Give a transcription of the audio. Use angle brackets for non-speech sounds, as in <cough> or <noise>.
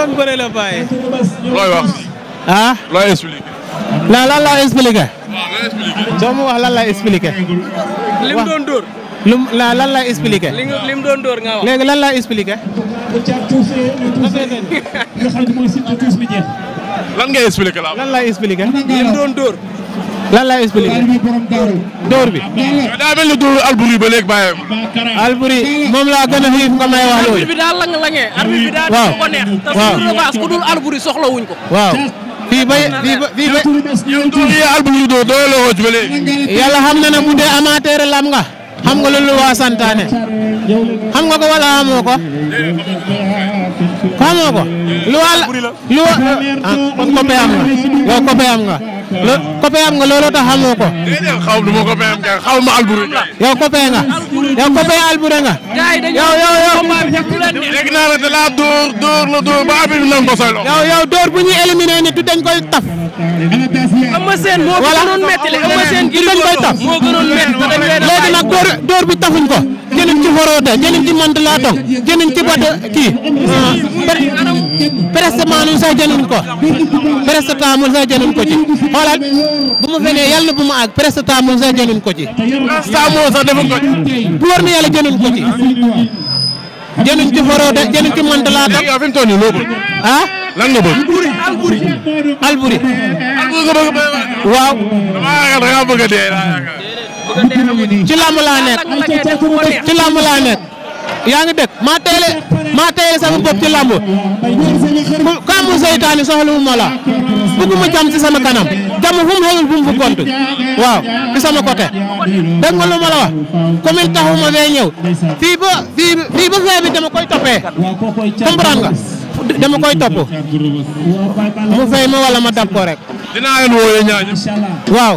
doon bëre la bàyyi. looy wax. ah looy expliqué. non lan laa expliqué. doo ma wax lan laa expliqué. li mu doon dóor. lu la lan laa expliqué. li mu doon dóor nga wax. léegi lan laa expliqué. <laughs> lan ngay expliqué la lan laa expliqué. li mu doon dóor. lan laay expliqué dóor bi. daa mel ni dóoru Alboury ba léegi bàyyi moom laa gën a xiif nga may wax loolu. arbitre ko waaw te revanche ku dul soxla wuñ ko. waaw fii ba fii ba fii ba. yow dóor doo la woo ci ba léegi. yàlla xam na ne bu dee amateur lam nga. xam nga loolu waa santaane. xam nga ko wala amoo ko. xamoo ko lu wàll lu wa ah kon ah, coppe am nga yow coppe am nga loo coppe am nga looloo tax xamoo ko. xaw ma coppe am nga xaw ma dóor ko sooy yow yow bu ñuy éliminer du dañ koy taf. ama seen moo dóor dóor tafuñ ko jëniñ ci foroote jëniñ ci mant kii prestement ñun sax jëluñ ko prestement mun sax jëluñ ko ci xoolal bu ma fenee yàlla na bu ma àgg prestement mun sax jëluñ ko ci. prestement mun sax bu war na yàlla jëluñ ko ci. jëluñ ci foroo de jëluñ ci mantalaa tam. yow fi mu toll nii ah? lan nga bëgg. alburi alburi. a waaw. a ci làmb laa nekk ci làmb laa yaa ngi dégg maa teele maa teele sama bopp ci làmb ka mu seytaani soxla mu ma la bëgguma jam ci sama kanam jam fu mu xewul bu mu fu gont waaw ci sama côté dégg nga lu ma la wax commune taxuma fee ñëw fii ba fii ba fee bi dama koy toppee comprendre nga dama koy topp mu fay ma wala ma dab ko rek dinaa leen wooyee ñaañu waaw